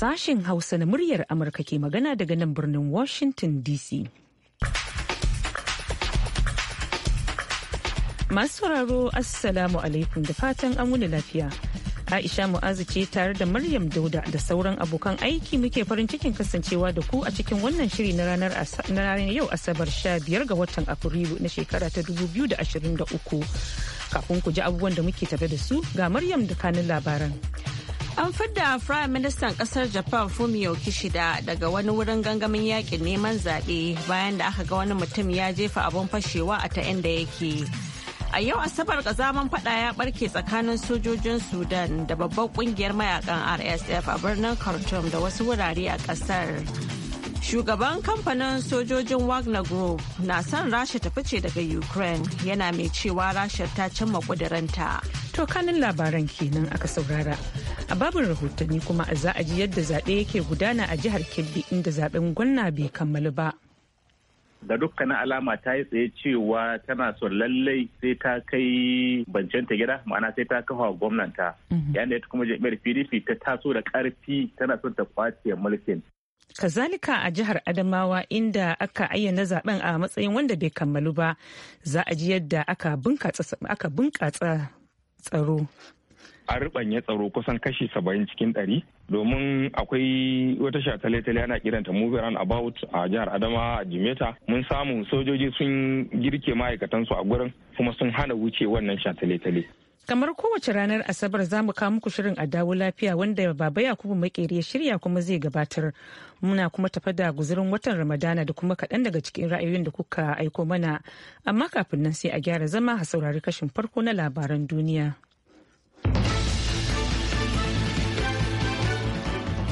Sashen Hausa na muryar Amurka ke magana daga nan birnin Washington DC. Masu sauraro Assalamu alaikum da fatan an wuni lafiya. Aisha Mu'azu ce tare da Maryam Dauda da sauran abokan aiki muke farin cikin kasancewa da ku a cikin wannan shiri na ranar yau Asabar sha biyar ga watan Afrilu na shekara ta dubu biyu da da ashirin uku Kafin ku ji abubuwan da muke tafe da su ga Maryam da kanin labaran. An fidda Prime Minister kasar Japan Fumio Kishida daga wani wurin gangamin yakin neman zaɓe bayan da aka ga wani mutum ya jefa abun fashewa a ta inda yake. A yau Asabar zaman fada ya barke tsakanin sojojin Sudan da babban kungiyar mayakan RSF a birnin Khartoum da wasu wurare a kasar. Shugaban kamfanin sojojin Wagner Group na son Rasha ta fice daga Ukraine yana mai cewa Rasha ta cimma kudurinta. To kanin labaran kenan aka saurara. a babin rahotanni kuma za a ji yadda zaɓe yake gudana a jihar kebbi inda zaɓen gwanna bai kammalu ba da dukkanin alama ta yi tsaye cewa tana son lallai sai ta kai bancenta gida ma'ana sai ta kafa gwamnanta mhm. yayin da ita kuma jami'ar pdp ta taso da karfi tana son ta kwace mulkin kazalika a jihar adamawa inda aka ayyana zaben a matsayin wanda bai kammalu ba za a ji yadda aka bunkatsa tsaro an ruɓanya tsaro kusan kashi saba'in cikin ɗari domin akwai wata shataletale tale ana kiranta mu around about a jihar adama a jimeta mun samu sojoji sun girke ma'aikatansu a gurin kuma sun hana wuce wannan sha kamar kowace ranar asabar za mu kawo muku shirin a dawo lafiya wanda baba yakubu makeri ya shirya kuma zai gabatar muna kuma tafa da guzurin watan ramadana da kuma kaɗan daga cikin ra'ayoyin da kuka aiko mana amma kafin nan sai a gyara zama a saurari kashin farko na labaran duniya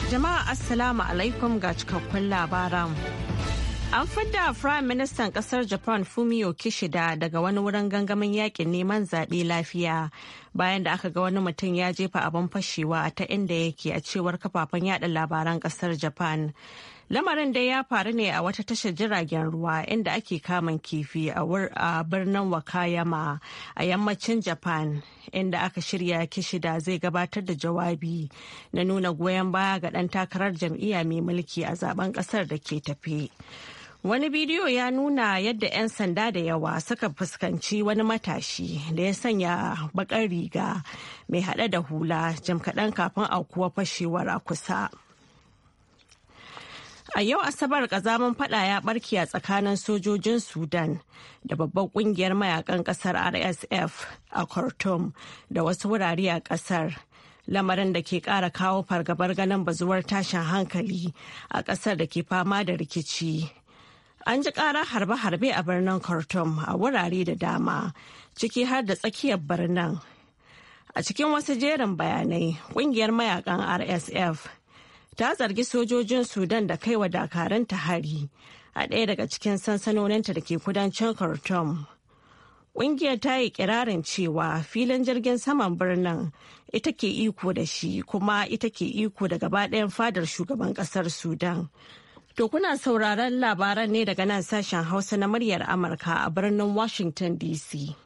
Jama'a Assalamu alaikum ga cikakkun labaran. An fidda Prime Ministan kasar Japan Fumio Kishida daga wani wurin gangamin yakin neman zaɓe lafiya bayan da aka ga wani mutum ya jefa abin fashewa ta inda yake a cewar kafafen yada labaran kasar Japan. Lamarin dai ya faru ne a wata tashar jiragen ruwa inda ake kamun kifi a birnin Wakayama a yammacin Japan inda aka shirya kishida zai gabatar da jawabi na nuna goyon baya ga ɗan takarar jam'iyya mai mulki a zaben ƙasar da ke tafe. Wani bidiyo ya nuna yadda 'yan sanda da yawa suka fuskanci wani matashi da ya sanya bakar riga mai hade da hula jamkadan kafin a kuwa fashewar a kusa. A yau Asabar kazaman fada ya barke a tsakanin sojojin Sudan da babban kungiyar mayakan kasar RSF a Khartoum da wasu wurare a kasar. Lamarin da ke kara kawo fargabar ganin bazuwar tashin hankali a kasar da ke fama da rikici. An ji ƙara harbe-harbe a birnin Khartoum a wurare da dama, ciki har da tsakiyar birnin. A cikin wasu jerin bayanai, kungiyar mayakan RSF ta zargi sojojin Sudan da kaiwa dakaranta hari a ɗaya daga cikin sansanoninta da ke kudancin Khartoum. Ƙungiyar ta yi kirarin cewa filin jirgin saman birnin ita ke iko da shi kuma ita ke iko da gabaɗayan fadar shugaban ƙasar Sudan. To kuna sauraron labaran ne daga nan sashen Hausa na muryar Amurka a birnin Washington DC.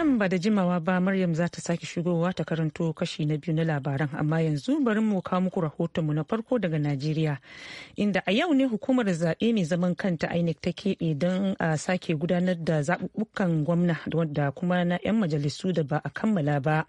nan ba da jimawa ba maryam za ta sake shigowa ta karanto kashi na biyu na labaran amma yanzu bari mu kawo muku rahotonmu na farko daga najeriya inda a yau ne hukumar zaɓe mai zaman kanta inec ta keɓe don a sake gudanar da zaɓuɓɓukan gwamna da kuma na 'yan majalisu da ba a kammala ba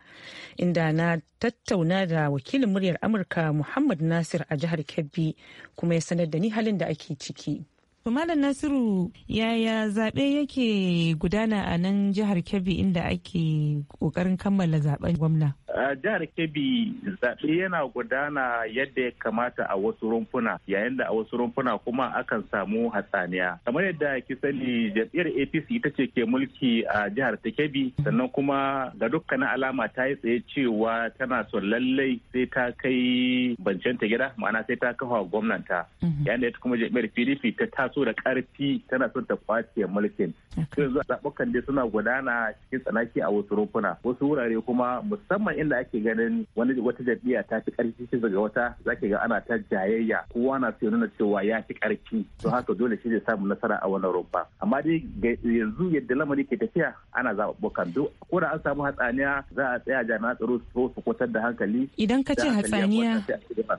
inda na tattauna da wakilin muryar amurka muhammad nasir a jihar kebbi kuma ya sanar da ni halin da ake ciki Malam Nasiru yaya zaɓe yake gudana a nan jihar Kebbi inda ake ƙoƙarin kammala zaɓen gwamna? A jihar Kebbi zaɓe yana gudana yadda ya kamata a wasu rumfuna yayin da a wasu rumfuna kuma akan samu hatsaniya. Kamar yadda ki sani jam'iyyar APC ita ce ke mulki a jihar ta Kebbi sannan kuma ga dukkanin alama ta yi tsaye cewa tana son lallai sai ta kai bancen ta gida ma'ana sai ta kafa gwamnanta. Mhm. Yayin da ita kuma jam'iyyar PDP ta so da karfi tana so ta kwace mulkin yanzu zaɓukan dai suna gudana cikin tsanaki a wasu rumfuna wasu wurare kuma musamman inda ake ganin wani wata jam'iyya ta fi karfi shi daga wata zaki ga ana ta jayayya kowa na so nuna cewa ya fi karfi to haka dole shi zai samu nasara a wannan rumfa amma dai yanzu yadda lamari ke tafiya ana zaɓuɓɓukan duk ko da an samu hatsaniya za a tsaya jami'an tsaro su su kwatar da hankali idan ka ce hatsaniya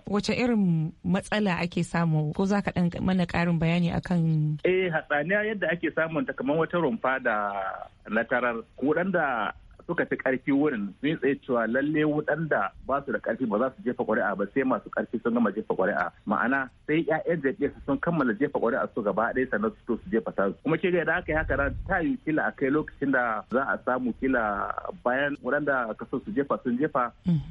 wace irin matsala ake samu ko za ka ɗan mana ƙarin bayani a kan eh hatsaniya yadda ake samun ta kamar wata rumfa da latarar tarar da suka fi karfi wurin sun tsaye cewa lalle wudanda ba su da karfi ba za su jefa ƙuri'a ba sai masu karfi sun gama jefa ƙuri'a ma'ana sai ƴaƴan su sun kammala jefa ƙuri'a su gaba ɗaya sannan su to su jefa ta kuma ke da aka yi haka ran ta yi kila a kai lokacin da za a samu kila bayan waɗanda ka so su jefa sun jefa mhm.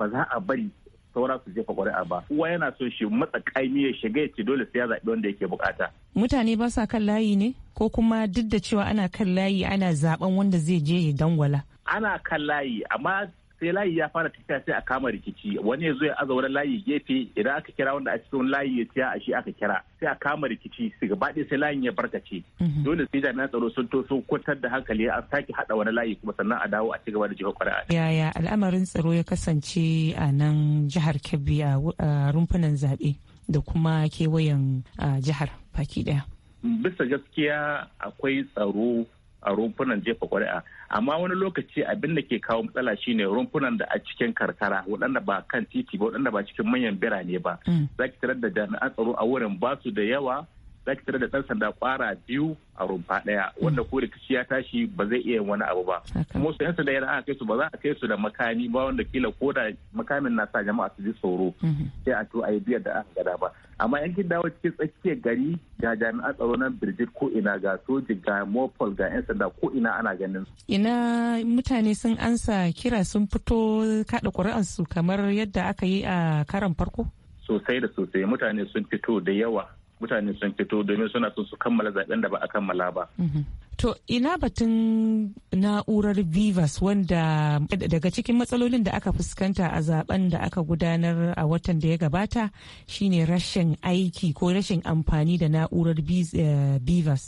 ba za a bari saura su jefa ƙuri'a ba kowa yana so shi matsa kaimi ya shiga ya ce dole sai ya zaɓi wanda yake bukata mutane ba sa kan layi ne ko kuma duk da cewa ana kan layi ana zaben wanda zai je ya dangwala ana kan layi amma sai layi ya fara tafiya sai a kama rikici wani ya zo ya aza wani layi gefe idan aka kira wanda a cikin layi ya tsaya a shi aka kira sai a kama rikici su gaba ɗaya sai layin ya barkace mhm. dole sai jami'an tsaro sun to sun kwantar da hankali a sake haɗa wani layi kuma sannan a dawo a ci gaba da jihar ƙwari'a. yaya al'amarin tsaro ya kasance a nan jihar kebbi a rumfunan zaɓe da kuma kewayen jihar baki ɗaya. bisa gaskiya akwai tsaro a rumfunan jefa ƙuri'a amma wani lokaci abin da ke kawo matsala shine rumfunan da a cikin karkara waɗanda ba kan titi ba waɗanda ba cikin manyan birane ba mm. za ki tarar da jami'an tsaro a wurin ba su da yawa za ki tare da ɗan sanda kwara biyu a rumfa ɗaya hmm. wanda ko da ya tashi ba zai iya yin wani abu ba kuma su yan sanda yana aka kai su ba za a kai su da makami ba wanda kila ko da makamin na sa jama'a su ji tsoro hmm. sai a to a yi biyar da aka gada ba amma yan gida wa cikin tsakiyar gari ga jami'an tsaro na birjit ko ina ga soji ga mopol ga yan sanda ko ina ana ganin su. ina mutane sun ansa kira sun fito kaɗa ƙuri'ansu kamar yadda aka yi a karan farko. sosai da sosai mutane sun fito da yawa mutane sun fito domin suna so su kammala zaben da ba a kammala ba. Mhm. To ina batun na'urar Vivas wanda daga cikin matsalolin da aka fuskanta a zaben da aka gudanar a watan da ya gabata shine rashin aiki ko rashin amfani da na'urar eh, Vivas.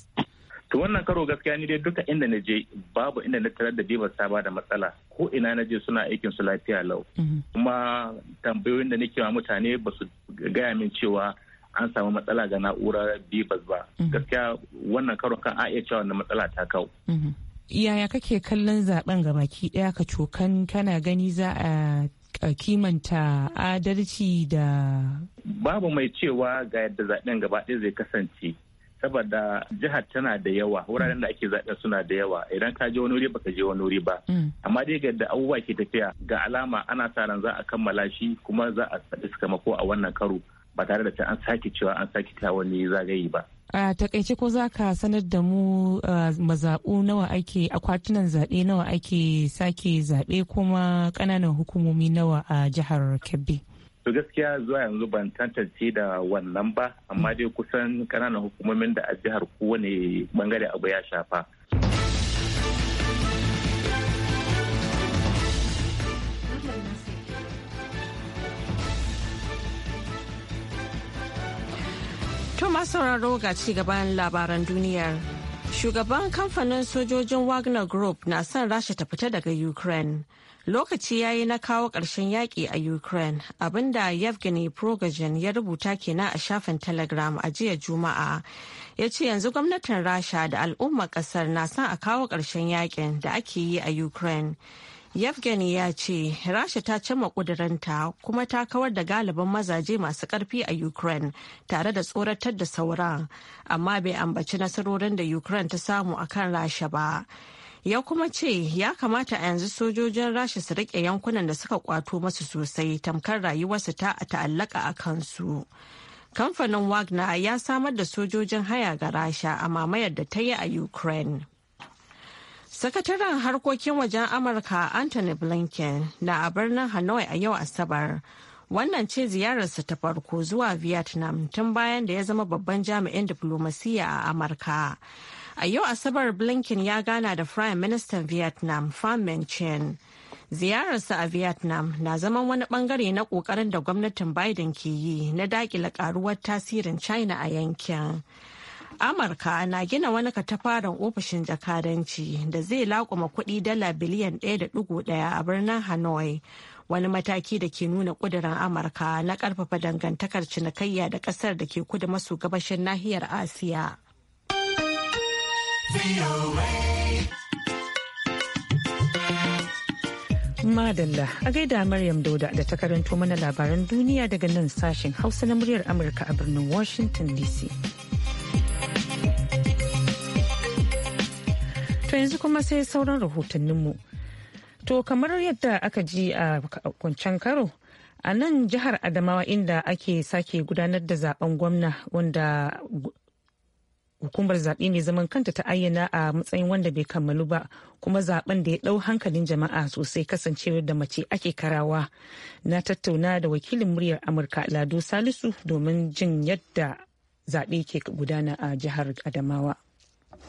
To wannan karo gaskiya ni dai duka inda na je babu inda na tarar da Vivas ta ba da matsala ko ina na je suna aikin su lafiya lau. Mhm. Kuma tambayoyin da nake wa mutane ba su gaya min cewa an samu matsala ga na'urar bibas ba mhm. gaskiya wannan karon kan iya cewa wannan matsala ta kawo mhm. yaya kake kallon zaben ga baki daya ka cokan kana gani za a kimanta adalci da babu mai cewa ga yadda zaben gaba ɗaya zai kasance saboda jihar tana da yawa wuraren da ake zaɓe suna da yawa idan ka je wani wuri baka je wani wuri ba mm. amma dai ga da abubuwa ke tafiya ga alama ana sa ran za a kammala shi kuma za a ko a wannan karo ba tare da ta an sake cewa an sake ta wani zagaye ba a takaice ko za ka sanar da mu mazaɓu nawa ake akwatunan zaɓe nawa ake sake zaɓe kuma ƙananan hukumomi nawa a jihar kebbi to gaskiya zuwa yanzu ban tantance da wannan ba amma dai kusan ƙananan hukumomin da a jihar kowane bangare abu ya shafa To masu sauraro ga ci gaban labaran duniyar. Shugaban kamfanin sojojin Wagner Group na son Rasha ta fita daga Ukraine. Lokaci ya yi na kawo ƙarshen yaƙi a Ukraine, abinda Yevgeny Progajin ya rubuta kenan a shafin Telegram a jiya Juma'a. Ya ce yanzu gwamnatin Rasha da al'ummar ƙasar na son a kawo ƙarshen yaƙin da ake yi a Ukraine. Yevgeny ya ce Rasha ta cimma kudurinta kuma ta kawar da galibin mazaje masu ƙarfi a Ukraine tare da tsoratar da sauran, amma bai ambaci nasarorin da Ukraine ta samu a kan Rasha ba. Ya kuma ce ya kamata a yanzu sojojin Rasha su riƙe yankunan da suka kwato masu sosai tamkar rayuwarsu ta ta'allaka a kansu. Kamfanin Wagner ya samar da sojojin haya ga Rasha a mamayar da ta yi a Ukraine. Sakataren harkokin wajen Amurka Anthony Blinken na a birnin Hanoi a yau Asabar. Wannan ce ziyararsa ta farko zuwa Vietnam tun bayan da ya zama babban jami'in diplomasiya a Amurka. A yau Asabar Blinken ya gana da Prime Minister Vietnam Pham Minh Chinh. Ziyararsa a Vietnam na zaman wani bangare na kokarin da gwamnatin Biden ke yi na dakile karuwar tasirin China a yankin. Amurka na gina wani katafaren ofishin jakadanci da zai laƙuma kuɗi dala biliyan 1.1 a birnin Hanoi. Wani mataki da ke nuna ƙudurin Amurka na ƙarfafa dangantakar cinikayya da ƙasar da ke kudu maso gabashin nahiyar Asiya. Madalla a gaida Maryam Dauda da ta karanto mana labaran duniya daga nan sashen Hausa na muryar Amurka a birnin Washington DC. yanzu kuma sai sauran rahotanninmu. To kamar yadda aka ji a kwancen karo, a nan jihar Adamawa inda ake sake gudanar da zaben gwamna wanda hukumar zaɓe mai zaman kanta ta ayyana a matsayin wanda bai kammalu ba kuma zaben da ya ɗau hankalin jama'a sosai kasancewar da mace ake karawa na tattauna da wakilin muryar amurka lado salisu domin jin yadda zaɓe ke gudana a jihar adamawa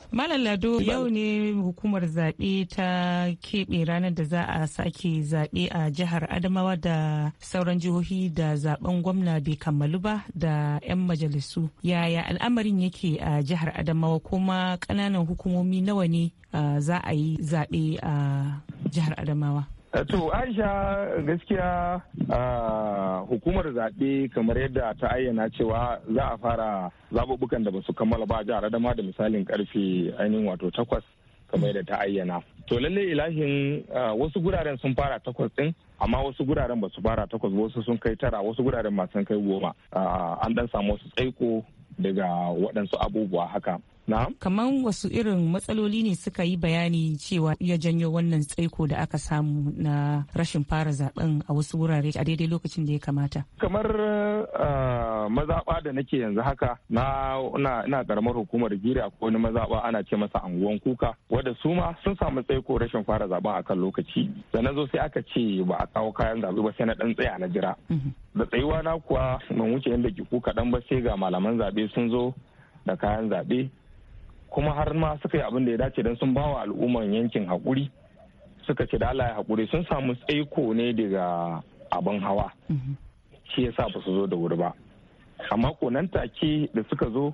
Malam Lado yau ne hukumar zaɓe ta keɓe ranar da za a sake zaɓe a jihar Adamawa da sauran jihohi da zaɓen gwamna bai kammalu ba da 'yan majalisu. Yaya al'amarin yake a jihar Adamawa kuma ƙananan hukumomi nawa ne uh, za a yi zaɓe a jihar Adamawa? To Aisha gaskiya hukumar zaɓe kamar yadda ta ayyana cewa za a fara zaɓuɓɓukan da ba su kammala ba jihar Adama da misalin karfe ainihin wato takwas kamar yadda ta ayyana. To lallai ilahin wasu guraren sun fara takwas ɗin amma wasu guraren ba su fara takwas wasu sun kai tara wasu guraren ma sun kai goma an ɗan samu wasu tsaiko daga waɗansu abubuwa haka. Kamar wasu irin matsaloli ne suka yi bayani cewa ya janyo wannan tsaiko da aka samu na rashin fara zaben a wasu wurare a daidai lokacin da ya kamata. Kamar ah, mazaɓa da nake yanzu haka na ina karamar hukumar giri a wani mazaɓa ana ce masa anguwan kuka wadda su ma sun samu tsaiko rashin fara zaben a kan lokaci. Da na zo sai aka ce ba a kawo kayan zaɓe ba sai na ɗan tsaya na jira. Mhm. Da tsayuwa na kuwa mun wuce yadda ki kuka ba sai ga malaman zaɓe sun zo da kayan zaɓe kuma har ma suka yi abin da ya dace don sun bawa al'umman yankin haƙuri suka ce da Allah ya haƙuri sun samu tsaiko ne daga abin hawa mhm. shi yasa ba su zo da wuri ba amma konan take da suka zo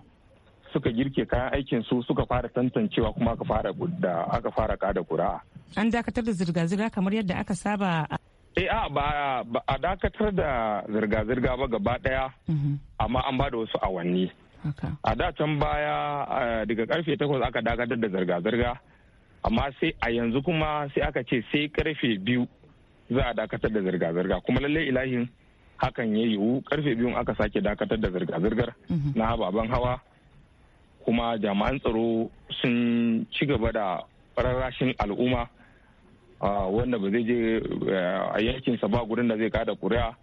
suka girke kayan aikin su suka fara tantancewa kuma aka fara da aka fara kada kura'a an dakatar da zirga-zirga kamar yadda aka saba a eh, a ba a dakatar da zirga-zirga ba gaba daya mhm. amma an ba da wasu awanni a da can baya eh, daga karfe takwas aka dakatar da zirga-zirga amma sai a yanzu kuma sai aka ce sai karfe biyu za a dakatar da zirga-zirga kuma lalle ilahin hakan ya yiwu karfe biyun aka sake dakatar da zirga-zirgar mhm. na hababen hawa kuma jami'an tsaro sun ci gaba da rarrashin al'umma ah, wanda ba zai je eh, a yankinsa ba wurin da zai kada kuri'a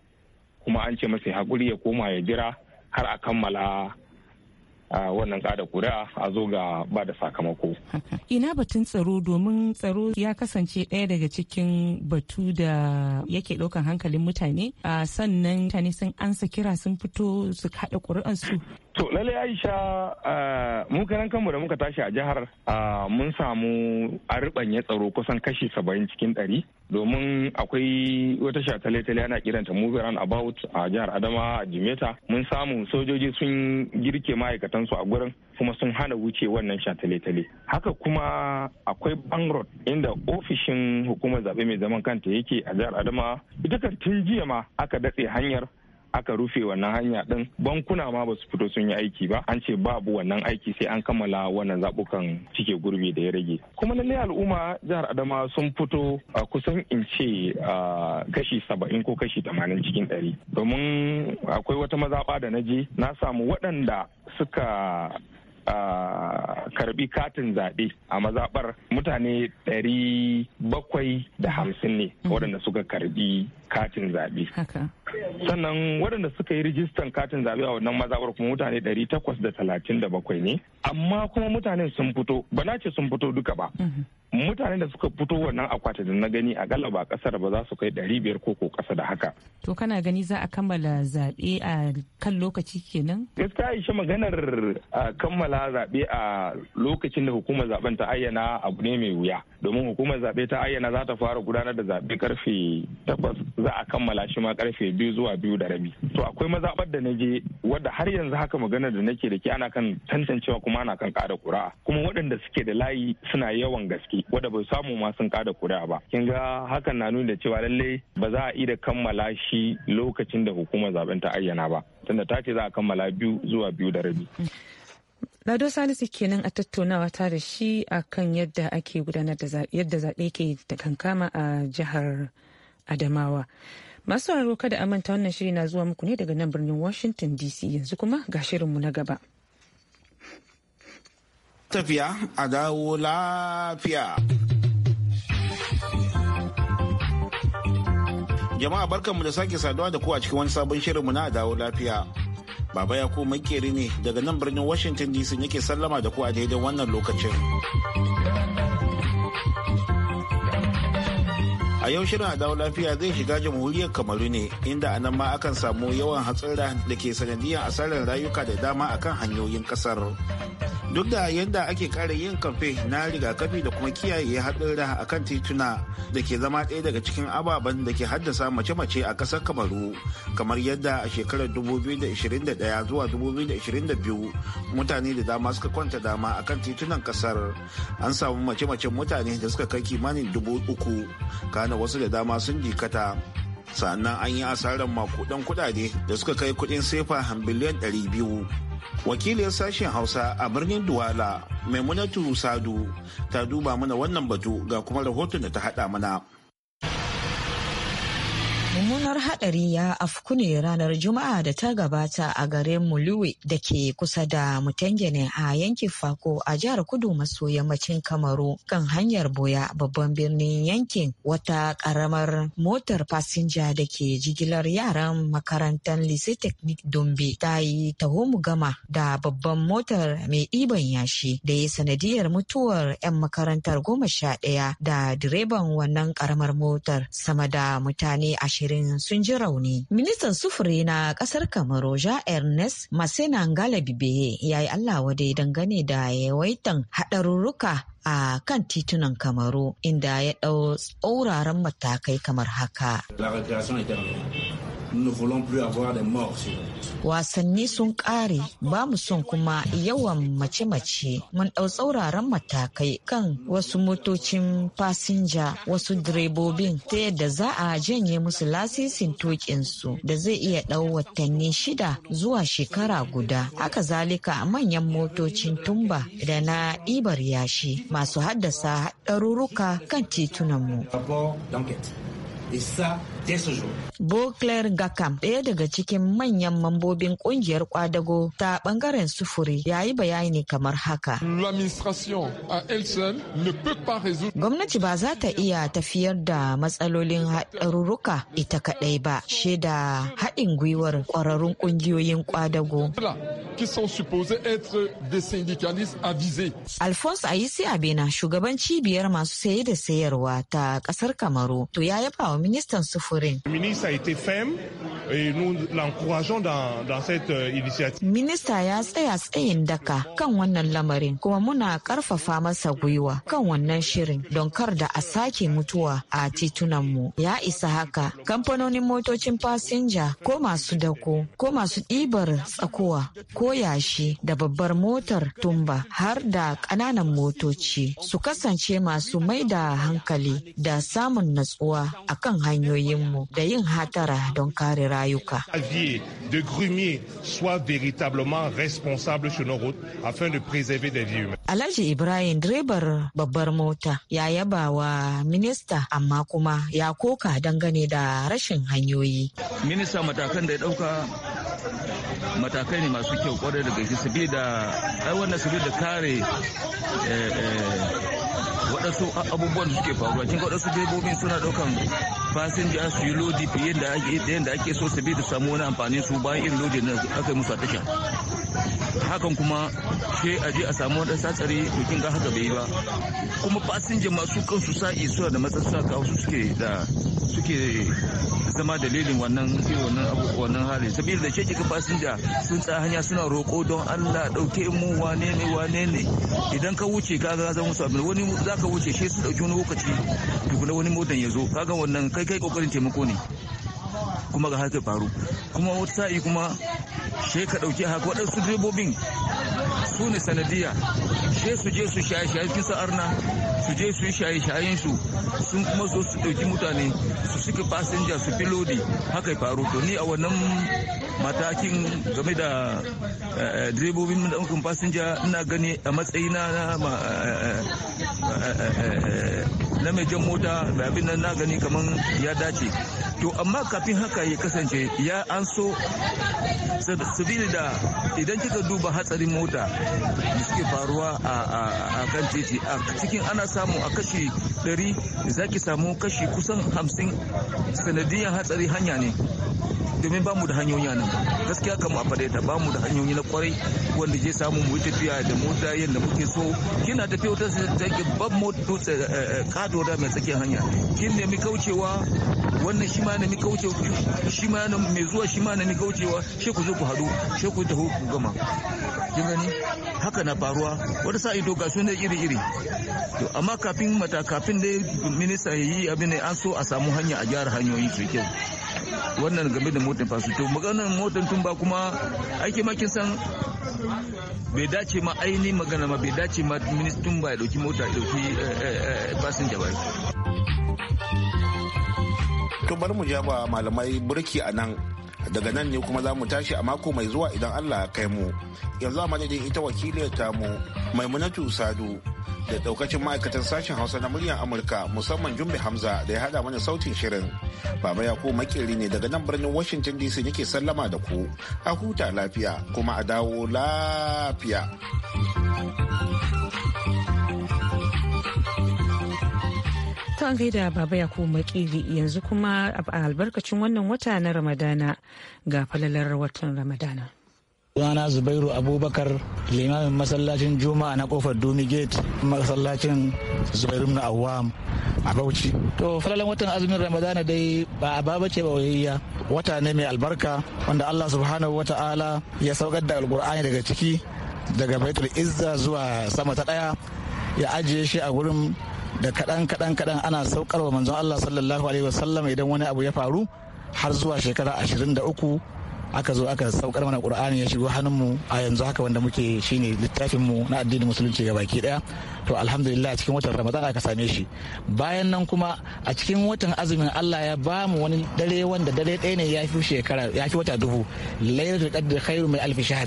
kuma an ce masa hakuri ya koma ya jira har a kammala wannan kada kuri'a a zo ga ba da sakamako. Ina batun tsaro domin tsaro ya kasance ɗaya daga cikin batu da yake ɗaukan hankalin mutane sannan mutane sun ansa kira sun fito su kaɗa ƙuri'ansu To lalle Aisha mu karan kanmu da muka tashi a jihar mun samu a ribanye tsaro kusan kashi saba'in cikin ɗari domin akwai wata shataletale tale ana kiranta move around about a jihar Adama a Jimeta mun samu sojoji sun girke ma'aikatansu a gurin kuma sun hana wuce wannan shataletale tale Haka kuma akwai Bangrod inda ofishin hukumar zaɓe mai zaman kanta yake a jihar Adama ita kan tun jiya ma aka datse hanyar aka rufe wannan hanya ɗin bankuna ma ba su fito sun yi aiki ba an ce babu wannan aiki sai an kammala wannan zabukan cike gurbi da ya rage kuma lallai al'umma jihar adama sun fito a kusan in ce kashi saba'in ko kashi tamanin cikin ɗari domin akwai wata mazaɓa da na je na samu waɗanda suka karbi katin zaɓe a mazaɓar mutane ɗari bakwai da hamsin ne mhm. waɗanda suka karbi katin zaɓe. sannan waɗanda suka yi rijistan katin zaɓe a wannan mazaɓar kuma mutane ɗari takwas da talatin da bakwai ne amma kuma mutane sun fito ba na ce sun fito duka ba mhm. mutane da suka fito wannan akwati da na gani a galaba kasar ba za su kai ɗari biyar ko ko kasa da haka. To kana gani za a kammala zaɓe a kan lokaci kenan? Gaskiya Aisha maganar kammala zaɓe a lokacin da hukumar zaɓen ta ayyana abu ne mai wuya. Domin hukumar zaɓe ta ayyana za ta fara gudanar da zaɓe karfe takwas za a kammala shi ma karfe biyu zuwa biyu da rabi. To akwai mazaɓar da na je wadda har yanzu haka maganar da nake da ke ana kan tantancewa kuma ana kan ƙara ƙuri'a. Kuma waɗanda suke da layi suna yawan gaske. wadda wanda bai samu ma sun kada kuri'a ba kin ga hakan na nuna cewa lallai ba za a iya kammala shi lokacin da hukumar zaben ta ayyana ba tunda ta ce za a kammala biyu zuwa biyu da rabi Lado Salisu kenan a tattaunawa ta da shi akan yadda ake gudanar da yadda zaɓe ke da kankama a jihar Adamawa. Masu sauraro kada a manta wannan shiri na zuwa muku ne daga nan birnin Washington DC yanzu kuma ga shirinmu na gaba. tafiya a dawo lafiya. Jama'a barkanmu da sake saduwa da ku a cikin wani sabon shirinmu na dawo lafiya. Baba ya ko makeri ne daga nan birnin Washington DC yake sallama da ku a daidai wannan lokacin. a yau shirin a lafiya zai shiga jamhuriyar kamaru ne inda a nan ma akan samu yawan hatsara da ke sanadiyar asarar rayuka da dama akan hanyoyin kasar duk da yadda ake kara yin kamfe na rigakafi da kuma kiyaye hatsara akan tituna da ke zama ɗaya daga cikin ababen da ke haddasa mace-mace a kasar kamaru kamar yadda a shekarar 2021 zuwa 2022 mutane da dama suka kwanta dama akan titunan kasar an samu mace-macen mutane da suka kai kimanin dubu wasu da dama sun jikata sannan an yi asarar makudan kudade da suka kai kudin sefa biliyan 200 wakilin sashen hausa a birnin duwala maimunatu sadu ta duba mana wannan batu ga kuma rahoton da ta hada mana mummunar haɗari ya afku ne ranar juma'a da ta gabata a garin muluwe da ke kusa da mutangene a yankin fako a jihar kudu maso yammacin kamaru kan hanyar boya babban birnin yankin wata ƙaramar motar fasinja da ke jigilar yaran makarantar lise technique dombe ta yi taho gama da babban motar mai ɗiban yashi da ya sanadiyar mutuwar 'yan makarantar goma sha ɗaya da direban wannan karamar motar sama da mutane ashirin ashirin sun ji rauni. Ministan sufuri na kasar Kamaru Ja Ernest Masena Ngalabibe ya yi Allah wadai dangane da yawaitan haɗarurruka a kan titunan Kamaru inda ya ɗau tsauraran matakai kamar haka. Wasanni sun ƙare ba mu son kuma yawan mace-mace mun ɗau tsauraran matakai kan wasu motocin fasinja wasu direbobin ta yadda za a janye musu lasisin tokinsu da zai iya ɗau watanni shida zuwa shekara guda. Haka zalika manyan motocin tumba da na ibar yashi masu haddasa ɗaruruka kan titunanmu. Bokler Gakam, ɗaya daga cikin manyan mambobin ƙungiyar kwadago ta ɓangaren sufuri, ya yi bayani kamar haka. Gwamnati ba za ta iya tafiyar da matsalolin haɗarurruka ita kaɗai ba, shaida haɗin gwiwar ƙwararrun ƙungiyoyin kwadago. Alphonse Ayisi Abena, shugaban cibiyar masu saye da sayarwa ta ƙasar Kamaru, to ya yaba wa ministan sufuri samfurin. Minista euh, ya tsaya tsayin daka kan wannan lamarin kuma muna karfafa masa gwiwa kan wannan shirin don kar da a sake mutuwa a titunan mu. Ya isa haka kamfanonin motocin fasinja ko masu dako ko masu ɗibar tsakuwa ko yashi da babbar motar tumba har da ƙananan motoci su kasance masu mai da hankali da samun natsuwa akan hanyoyin mu da yin hatara don kare rayuka. Alhaji Ibrahim direbar babbar mota ya yaba wa minista amma kuma ya koka dangane da rashin hanyoyi. Minista matakan da ya dauka matakai ne masu kyau kwarai da gaske sabida ai wannan sabida kare eh, eh, waɗansu abubuwan da suke faruwa kin waɗansu direbobin suna ɗaukan fasinja su yi lodi fiye da ake so su bi da samu wani amfani su bayan irin lodi na aka yi musu a tasha hakan kuma sai a je a samu wani tsatsare to kin ga haka bai ba kuma fasinja masu kansu sa'i suna da matsatsaka wasu suke da suke zama dalilin wannan wannan wannan hali saboda da kika fasinja sun tsaya hanya suna roko don Allah dauke mu wane ne wane ne idan ka wuce ka ga zan musu abin wani zaka wuce shi su dauki wani lokaci tukuna wani motan ya zo kaga wannan kai kai kokarin taimako ne kuma ga haka faru kuma wata sa'i kuma she ka ɗauki haka waɗansu direbobin su ne sanadiya she su je su shaye-shaye kisa arna su je su yi shaye-shayen su sun kuma zo su ɗauki mutane su suka fasinja su fi lodi haka faru to ni a wannan matakin game da eh, eh, direbobin ɗaukan fasinja ina gani a matsayina na eh, na mai jan mota mai abin nan na gani kamar ya dace to amma kafin haka ya kasance ya an so sabili da idan kika duba hatsarin mota da suke faruwa a kan titi a cikin ana samu a kashi 100 zaki samu kashi kusan 50 sanadiyan hatsari hanya ne domin ba mu da hanyoyi a nan gaskiya kama a ta ba mu da hanyoyi na kwarai wanda zai samu mu tafiya da mota yadda muke so kina tafiya ta take ban mota eh, eh, kado da mai tsakiyar hanya kin nemi kaucewa wannan shi ma nemi kaucewa shi ma mai zuwa shi ma nemi kaucewa shi ku zo ku hadu shi ku taho ku gama kin gani haka na faruwa wata sa ido ga sunan ne iri-iri to amma kafin mata kafin dai minista yayi yi abin an so a samu hanya a gyara hanyoyi su kyau wannan game da motar fasu to maganar motar tun ba kuma aiki makin san bai dace ma ainihin magana ma bai dace ma ministan ba ya dauki mota ya dauki eh, eh, eh, fasinja ba to bari mu ja ba malamai burki a nan daga nan ne kuma za mu tashi a mako mai zuwa idan allah kai mu yanzu a madadin ita ta mu maimunatu sadu da daukacin ma'aikatan sashen hausa na muryar amurka musamman jumbe hamza da ya hada mana sautin shirin baba yako makeri ne daga nan birnin washington dc nake sallama da ku a huta lafiya kuma a dawo lafiya To an gaida baba ya makili yanzu kuma a albarkacin wannan wata na Ramadana ga falalar watan Ramadana. Sunana Zubairu Abubakar limamin masallacin Juma'a na kofar Dumi Gate masallacin Zubairu na Awam a Bauchi. To falalan watan azumin Ramadana dai ba a ba ce ba wayayya wata ne mai albarka wanda Allah subhanahu wa ta'ala ya saukar da alkur'ani daga ciki daga Baitul Izza zuwa sama ta daya ya ajiye shi a gurin da kaɗan kaɗan kaɗan ana saukarwa manzon Allah sallallahu alaihi wasallam idan wani abu ya faru har zuwa shekara 23 aka zo aka saukar mana qur'ani ya shigo mu a yanzu haka wanda muke shine littafin mu na addinin musulunci ga baki daya to alhamdulillah cikin watan ramadan aka same shi bayan nan kuma a cikin watan azumin Allah ya ba mu wani dare wanda dare ɗaya ne ya fi shekara ya fi wata dubu lailatul qadr khairu min alf shahr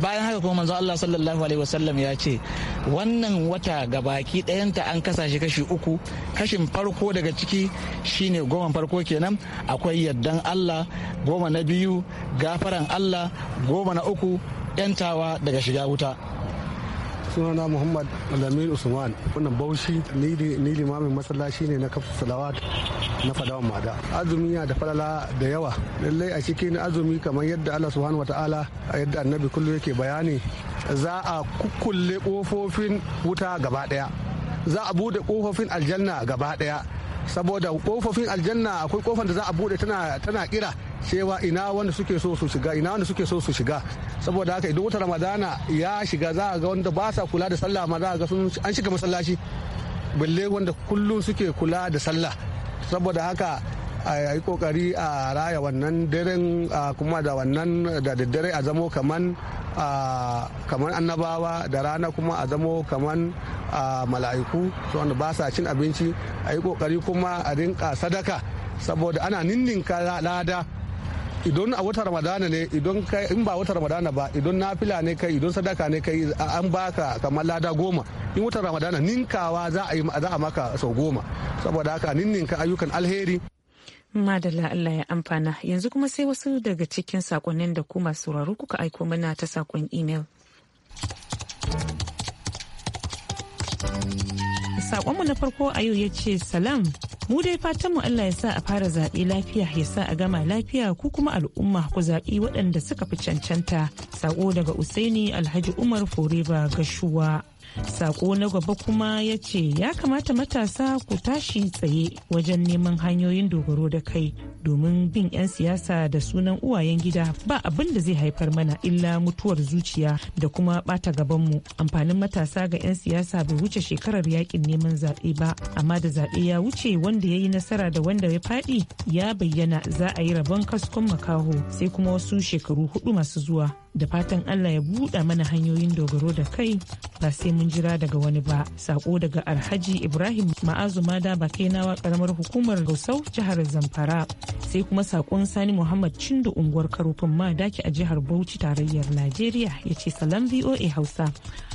bayan haka kuma manzo Allah sallallahu alaihi wasallam ya ce wannan wata ga baki ɗayanta an kasa shi kashi uku kashin farko daga ciki shine goma farko kenan akwai yaddan Allah goma na biyu gafaran allah goma na uku 'yantawa daga shiga wuta sunana muhammad alamin usman wannan baushi ni limamin masallaci ne na kafa salawat na fadawan mada azumi ya da falala da yawa lallai a cikin azumi kamar yadda allah subhanahu a yadda annabi kullum yake bayani za a kukkulle kofofin wuta gaba daya za a bude kofofin aljanna gaba daya saboda kofofin aljanna akwai kofan da za a bude tana kira cewa ina wanda suke so su shiga ina wanda suke so su shiga saboda haka idan wata ramadana ya shiga za a ga wanda ba sa kula da sallah ma za a ga sun an shiga masallaci balle wanda kullum suke kula da sallah saboda haka a yi kokari a raya wannan daren kuma da wannan da daddare a zamo kaman kaman annabawa da rana kuma a zamo kaman mala'iku su wanda ba sa cin abinci a yi kokari kuma a rinka sadaka saboda ana ninninka lada idan a wata ramadana ne idan in ba wata ramadana ba idan nafila ne kai idan sadaka ne kai an baka kamar lada goma in wata ramadana ninkawa za a maka sau goma saboda haka ninninka ayyukan alheri Madalla Allah ya amfana yanzu kuma sai wasu daga cikin sakonnin da kuma sauraro kuka aiko mana ta sakon email. Sakonmu na farko a yau ya ce salam mu dai fatan mu Allah ya sa a fara zaɓe lafiya ya sa a gama lafiya ku kuma al'umma ku zaɓi waɗanda suka fi cancanta sako daga usaini alhaji umar foreba gashuwa Sako na gaba kuma ya ce ya kamata matasa ku tashi tsaye wajen neman hanyoyin dogaro da kai domin bin 'yan siyasa da sunan uwayen gida ba abin da zai haifar mana illa mutuwar zuciya da kuma bata gabanmu. Amfanin matasa ga 'yan siyasa bai wuce shekarar yakin neman zaɓe ba amma da zaɓe ya wuce wanda ya yi nasara da wanda ya faɗi ya bayyana za a yi rabon kaskon makaho sai kuma wasu shekaru hudu masu zuwa da fatan Allah ya buɗa mana hanyoyin dogaro da kai ba sai mun jira daga wani ba sako daga alhaji ibrahim ma'azu mada nawa karamar hukumar gausau jihar zamfara sai kuma sakon sani muhammad cindo unguwar karofin madaki a jihar bauchi tarayyar najeriya ya ce salam voa hausa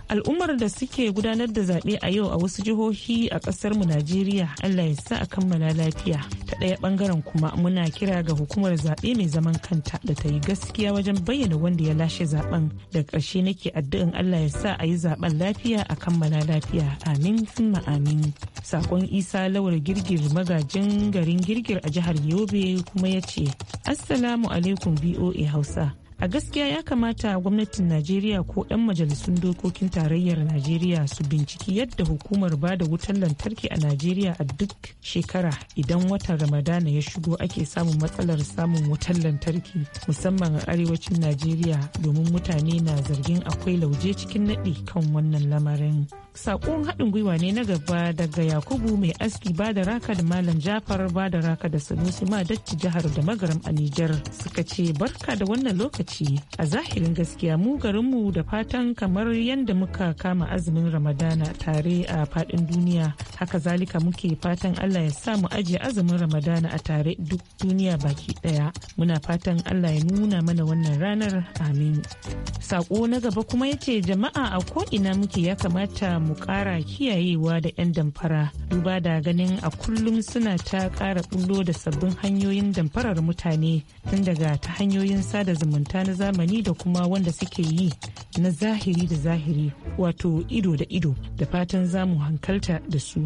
al'ummar da suke gudanar da zaɓe a yau a wasu jihohi a ƙasar mu najeriya allah ya sa a kammala lafiya ta ɗaya ɓangaren kuma muna kira ga hukumar zaɓe mai zaman kanta da ta yi gaskiya wajen bayyana wanda ya lashe zaben da ƙarshe nake addu'in Allah ya sa a yi zaben lafiya a kammala lafiya amin summa amin sakon isa lawar girgir magajin garin girgir a jihar yobe kuma ya ce assalamu alaikum boa hausa a gaskiya ya kamata gwamnatin najeriya ko 'yan majalisun dokokin tarayyar najeriya su binciki yadda hukumar ba da wutar lantarki a najeriya a duk shekara idan watan ramadana ya shigo ake samun matsalar samun wutar lantarki musamman a arewacin najeriya domin mutane na zargin akwai lauje cikin naɗi kan wannan lamarin sakon haɗin gwiwa ne na gaba daga yakubu mai aski raka da malam jafar raka da sanusi ma datti jihar da magaram a nijar suka ce barka da wannan lokaci a zahirin gaskiya mu garinmu da fatan kamar yadda muka kama azumin ramadana tare a fadin duniya haka zalika muke fatan allah ya sa mu ajiye azumin ramadana a tare duk duniya baki ɗaya muna fatan allah ya nuna mana wannan ranar amin sako na gaba kuma yace jama'a a ko ina muke ya kamata mu kara kiyayewa da 'yan damfara duba da ganin a kullum suna ta kara bullo da sabbin hanyoyin damfarar mutane tun daga ta hanyoyin sada zumunta na zamani da kuma wanda suke yi na zahiri da zahiri wato ido da ido da fatan zamu hankalta da su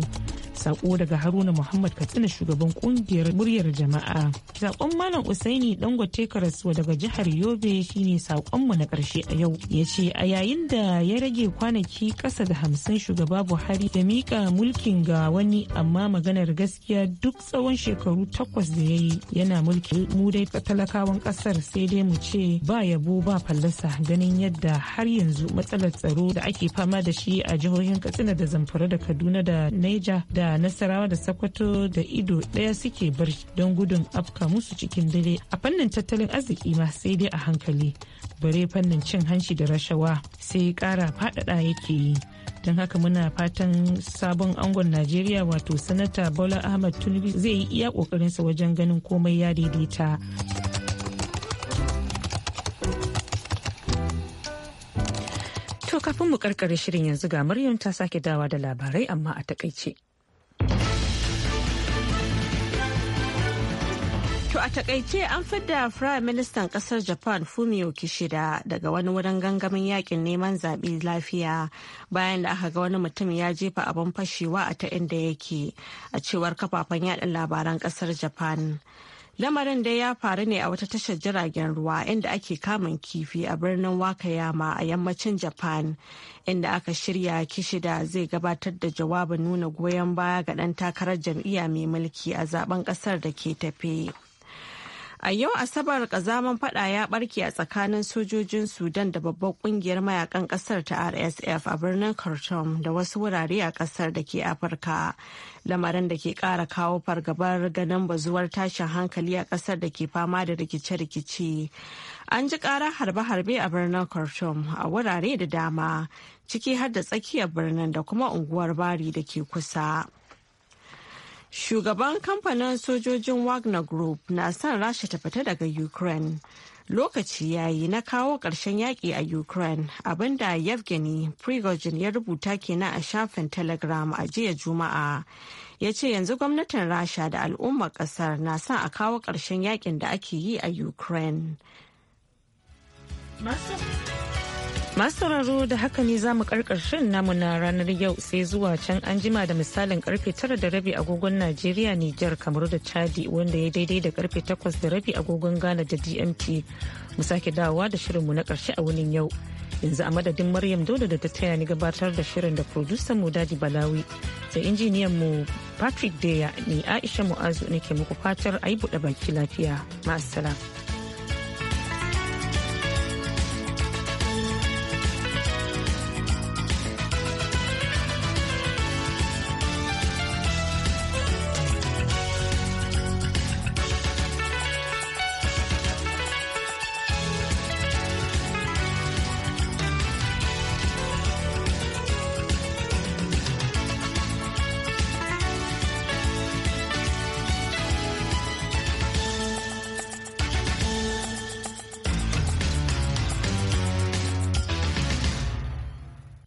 Sako daga Haruna Muhammad Katsina shugaban kungiyar muryar jama'a. Sakon Malam Usaini Dangote Karasuwa daga jihar Yobe shine sakonmu na karshe a yau. Ya ce a yayin da ya rage kwanaki kasa da hamsin shugaba Buhari da mika mulkin ga wani amma maganar gaskiya duk tsawon shekaru takwas da ya yi yana mulki mu dai talakawan kasar sai dai mu ce ba yabo ba fallasa ganin yadda har yanzu matsalar tsaro da ake fama da shi a jihohin Katsina da Zamfara da Kaduna da Neja da da nasarawa da sakwato da ido ɗaya suke bar don gudun afka musu cikin dare a fannin tattalin arziki ma sai dai a hankali bare fannin cin hanci da rashawa sai ƙara faɗaɗa yake yi don haka muna fatan sabon angon najeriya wato sanata bola ahmad tunubi zai yi iya ƙoƙarinsa wajen ganin komai ya daidaita To kafin mu karkare shirin yanzu ga Maryam ta sake dawa da labarai amma a takaice. takaice an fidda Prime Ministan kasar Japan Fumio Kishida daga wani wurin gangamin yakin neman zaɓi lafiya bayan da aka ga wani mutum ya jefa abin fashewa a ta inda yake a cewar kafafen yada labaran kasar Japan. Lamarin dai ya faru ne a wata tashar jiragen ruwa inda ake kamun kifi a birnin Wakayama a yammacin Japan inda aka shirya kishida zai gabatar da jawabin nuna goyon baya ga ɗan takarar jam'iyya mai mulki a zaben ƙasar da ke tafe. A yau Asabar kazaman fada ya barke a tsakanin sojojin Sudan da babbar kungiyar mayakan kasar ta RSF a birnin Khartoum da wasu wurare a kasar da ke Afirka. Lamarin da ke kara kawo fargabar ganin bazuwar tashin hankali a kasar da ke fama da rikice-rikice. An ji karar harbe-harbe a birnin Khartoum a wurare da dama, ciki har da tsakiyar birnin da kuma unguwar Bari da ke kusa. Shugaban kamfanin sojojin Wagner Group na son Rasha ta fita daga Ukraine. Lokaci yayi na kawo ƙarshen yaƙi a Ukraine abinda Yevgeny Prigozhin ya rubuta kenan a shafin Telegram a jiya Juma'a. Ya ce yanzu gwamnatin Rasha da al'ummar ƙasar na son a kawo ƙarshen yaƙin da ake yi a Ukraine. Masu sauraro da haka ne za mu karkashin namu na ranar yau sai zuwa can an jima da misalin karfe tara da rabi agogon Najeriya, Nijar, kamar da Chadi wanda ya daidai da karfe takwas da rabi agogon Ghana da dmt Mu sake dawowa da shirinmu na karshe a wunin yau. yanzu a madadin maryam dole da ta taya ni gabatar da shirin da producer mu daji balawi sai injiniyan mu patrick deya ne aisha mu'azu nake muku fatar a yi buɗe baki lafiya ma'asala.